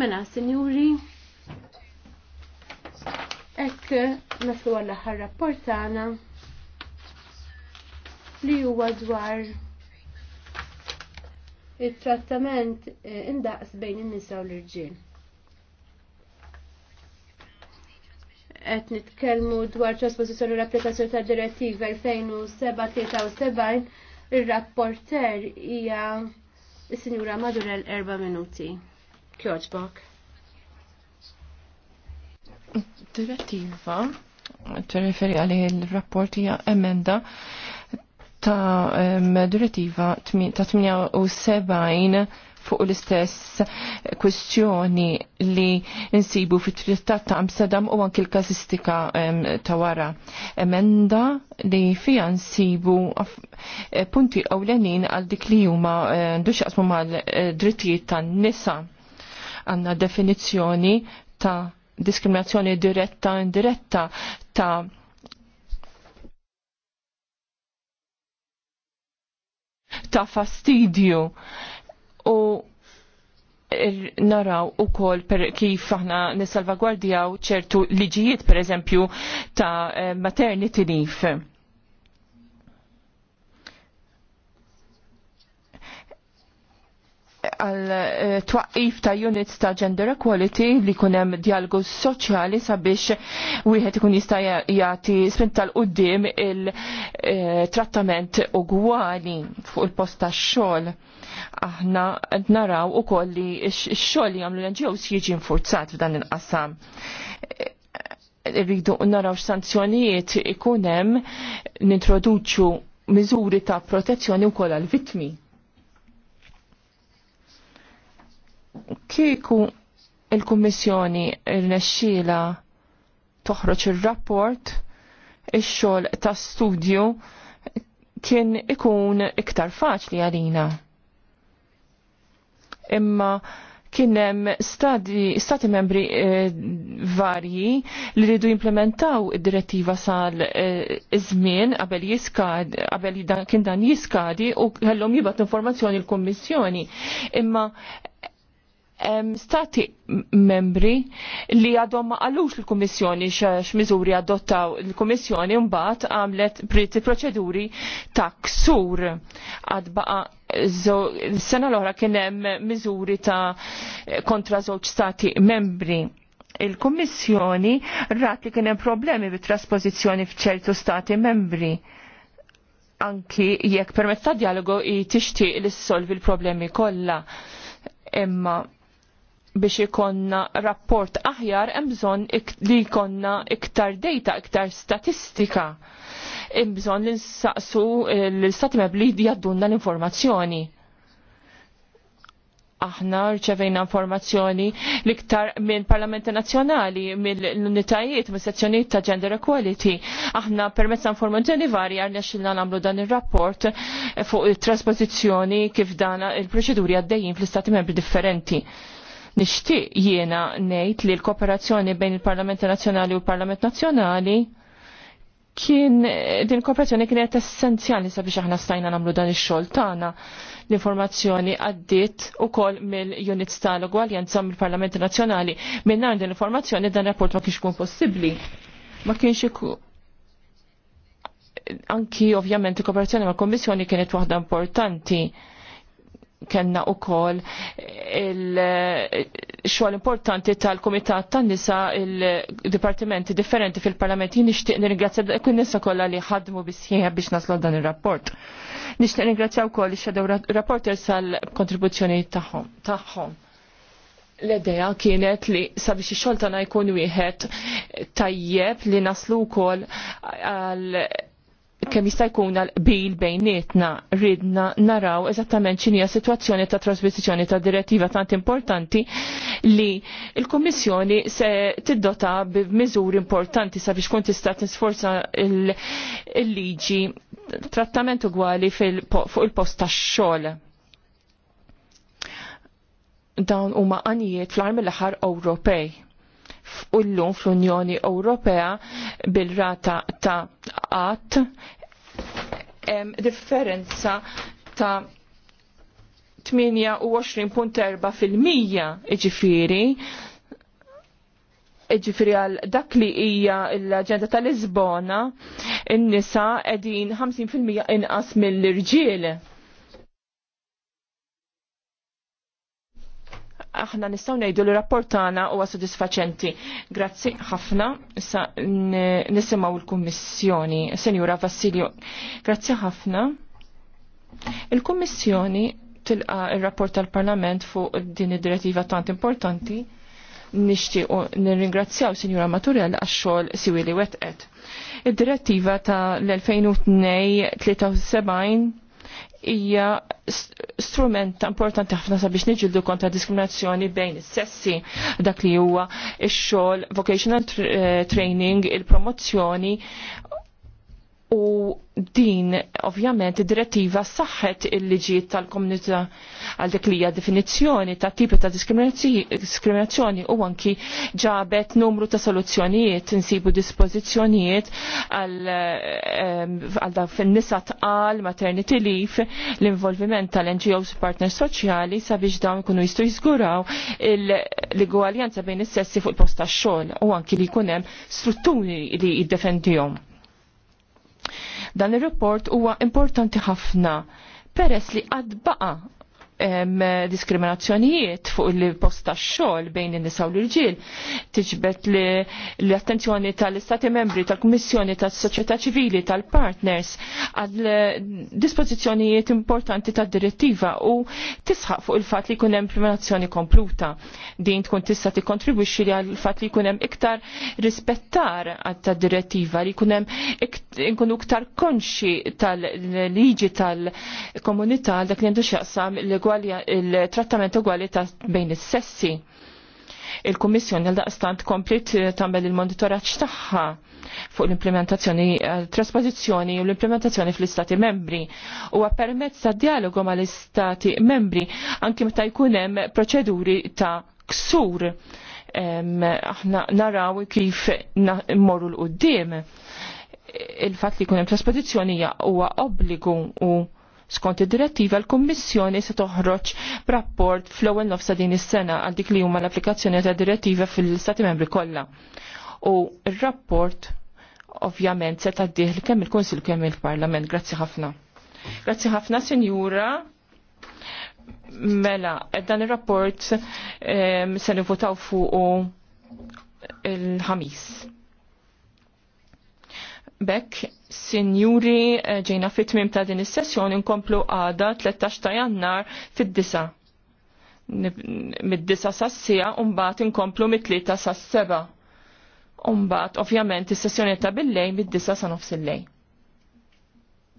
Mela, sinjuri, ek naslu għall aħħar rapport tagħna li huwa dwar it-trattament eh, indaqs bejn in-nisa u l-irġiel. Qed nitkellmu dwar trasposizzjoni u l-applikazzjoni ta' direttiva 2007-73 ir-rapporter hija is-Sinjura Madurell erba' minuti kjoġbok. Direttiva, t-referi għalli il-rapport hija emenda ta' direttiva ta' 78 fuq l-istess kwestjoni li insibu fit trittat ta' Amsterdam u anki l-kazistika ta' wara. Emenda li fija nsibu eh, punti ewlenin għal dik li huma eh, duxaqsmu mal eh, drittijiet tan nisa għanna definizjoni ta' diskriminazzjoni diretta u indiretta ta' ta' fastidju u er, naraw u kol per kif aħna nisalvagwardjaw ċertu liġijiet per eżempju ta' eh, maternity leave għal eh, twaqif ta' units ta' gender equality li kunem dialogu soċjali sabiex wieħed ikun jista' jagħti spint tal-qudiem il-trattament eh, ugwali fuq il-post tax-xogħol. Aħna naraw ukoll li x-xogħol li jagħmlu l-NGOs jiġi nfurzat f'dan il-qasam eh, rridu naraw sanzjonijiet ikunem nintroduċu miżuri ta' protezzjoni u għall għal-vitmi. kieku il-Kummissjoni il-Nexxila toħroġ ir-rapport ix-xogħol ta' studju kien ikun iktar faċli għalina. Imma kien hemm stati membri eh, varji li ridu jimplementaw id-direttiva sal eh, iż-żmien eh, qabel jiskadi qabel kien dan jiskadi u kellhom jibgħat informazzjoni l-Kummissjoni. Imma stati membri li għadhom ma qalux l-Kummissjoni x'miżuri adottaw l-Kummissjoni mbagħad għamlet priti proċeduri ta' ksur għad baqa sena l-oħra kien hemm miżuri ta' kontra żewġ stati membri il-Kummissjoni rat li kien hemm problemi bit-trasposizzjoni f'ċertu stati membri anki jekk permezz ta' dialogu tixtieq li ssolvi l-problemi kollha. Imma biex ikonna rapport aħjar hemm bżonn li jkollna iktar data, iktar statistika. Hemm bżonn li nsaqsu eh, l-istati mebli jaddunna l-informazzjoni. Aħna rċevejna informazzjoni l-iktar minn Parlamenti Nazzjonali, mill-unitajiet, minn sezzjonijiet ta' gender equality. Aħna permezz informazzjoni varja rnexxilna nagħmlu dan ir-rapport eh, fuq it-trasposizzjoni kif dan il-proċeduri għaddejjin fl-istati membri differenti Nixtieq jiena ngħid li l-kooperazzjoni bejn il-Parlament Nazzjonali u l-Parlament Nazzjonali kien din kooperazzjoni kienet essenzjali sabiex aħna stajna nagħmlu dan ix-xogħol tagħna. L-informazzjoni għaddiet ukoll mill-units tal-ugwaljanza mill-Parlament Nazzjonali. Minnar din l-informazzjoni dan rapport ma kienx kun possibbli. Ma kienx anki ovvjament il-kooperazzjoni mal-Kommissjoni kienet waħda importanti kellna wkoll il-xogħol importanti tal-Kumitat tan-nisa il-dipartimenti differenti fil-Parlament jien nixtieq nirringrazzja dak nisa kollha li ħadmu bisħieħ biex naslu dan ir-rapport. Nixtieq nirringrazzja wkoll ix-shadow rapporters sal-kontribuzzjoni tagħhom. l-idea kienet li sabiex ix-xogħol tagħna jkun wieħed tajjeb li naslu wkoll għal kemm jista' jkun l bejnietna ridna naraw eżattament x'inhi situazzjoni ta' trasposizzjoni ta' direttiva tant importanti li l-Kummissjoni se tiddota b'miżuri importanti sabiex kun tista' tisforza l-liġi trattament ugwali fuq il-post tax-xogħol dawn huma għanijiet fl-arm l-aħħar Ewropej. U llum fl-Unjoni Ewropea bil-rata ta' qatt differenza ta' 28.4 fil-mija iġifiri iġifiri għal dak li hija l-aġenda tal-Lisbona, in-nisa qegħdin 50% inqas mill-irġiel. aħna nistgħu ngħidu li rapport tagħna huwa sodisfaċenti. Grazzi ħafna nisimaw nisimgħu l-Kummissjoni. Senjura Vassilio, grazzi ħafna. Il-Kummissjoni tilqa il-rapport tal-Parlament fuq din id-direttiva tant importanti nixtiequ nirringrazzjaw Sinjura Maturell għax-xogħol siwi li wetqet. Id-direttiva tal-2002 73 hija strument importanti ħafna sabiex niġildu kontra diskriminazzjoni bejn is-sessi dak li huwa ix-xogħol vocational eh, training, il-promozzjoni u din ovvjament id-direttiva saħħet il-liġijiet tal-komunità għal dik hija definizzjoni ta' tipi ta' diskriminazzjoni u anki ġabet numru ta' soluzzjonijiet insibu dispożizzjonijiet għal ehm, dak fin-nisa tqal maternity leave l-involviment tal-NGOs partners soċjali sabiex dawn ikunu jistgħu jżguraw l-igwaljanza bejn is-sessi fuq il-post tax-xogħol u anki li jkun hemm strutturi li jiddefendihom Dan ir-rapport huwa importanti ħafna peress li għad baqa' diskriminazzjonijiet fuq il-post tax-xogħol bejn in-nisa u l-irġiel, tiġbed l-attenzjoni tal-Istati membri, tal-Kummissjoni, tas-soċjetà ċivili, tal-partners għal eh, dispożizzjonijiet importanti tad-direttiva u tisħaq fuq il-fatt li jkun hemm implementazzjoni kompluta. Din tkun tista' tikkontribwixxi li għall-fatt li jkun hemm iktar rispettar tad-direttiva li jkun hemm inkunu iktar konxi tal-liġi tal-komunità dak li għandu x'jaqsam l il-trattament ugwali ta' bejn is-sessi. Il-Kummissjoni għal daqstant komplit eh, tagħmel il-monitoraġġ tagħha fuq l-implementazzjoni, tat-traspożizzjoni eh, u l-implementazzjoni fl-Istati membri u permezz ta' dialogu mal istati membri anki meta jkun hemm proċeduri ta' ksur aħna naraw kif mmorru l qoddim il-fatt li jkun hemm trasposizzjoni huwa obbligu u Skont id-direttiva l-Kummissjoni se toħroġ b'rapport fl-ewwel nofsa din is-sena għal dik li huma l-applikazzjoni ta' direttiva fil-Stati membri kollha. U r-rapport ovvjament se taddih kemm il kunsil kemm il-Parlament. Grazzi ħafna. Grazzi ħafna, Sinjura. Mela, dan ir-rapport ehm, se nivvotaw fuq il-ħamis. Bekk, sinjuri eh, ġejna fit-tmim ta' din is-sessjoni nkomplu għada 13 ta' jannar fid-disa. Mid-disa sassija umbat nkomplu mit-tlieta sas seba Umbat, ovvjament, is-sessjoni ta' billej mid-disa sa' nofs il-lej.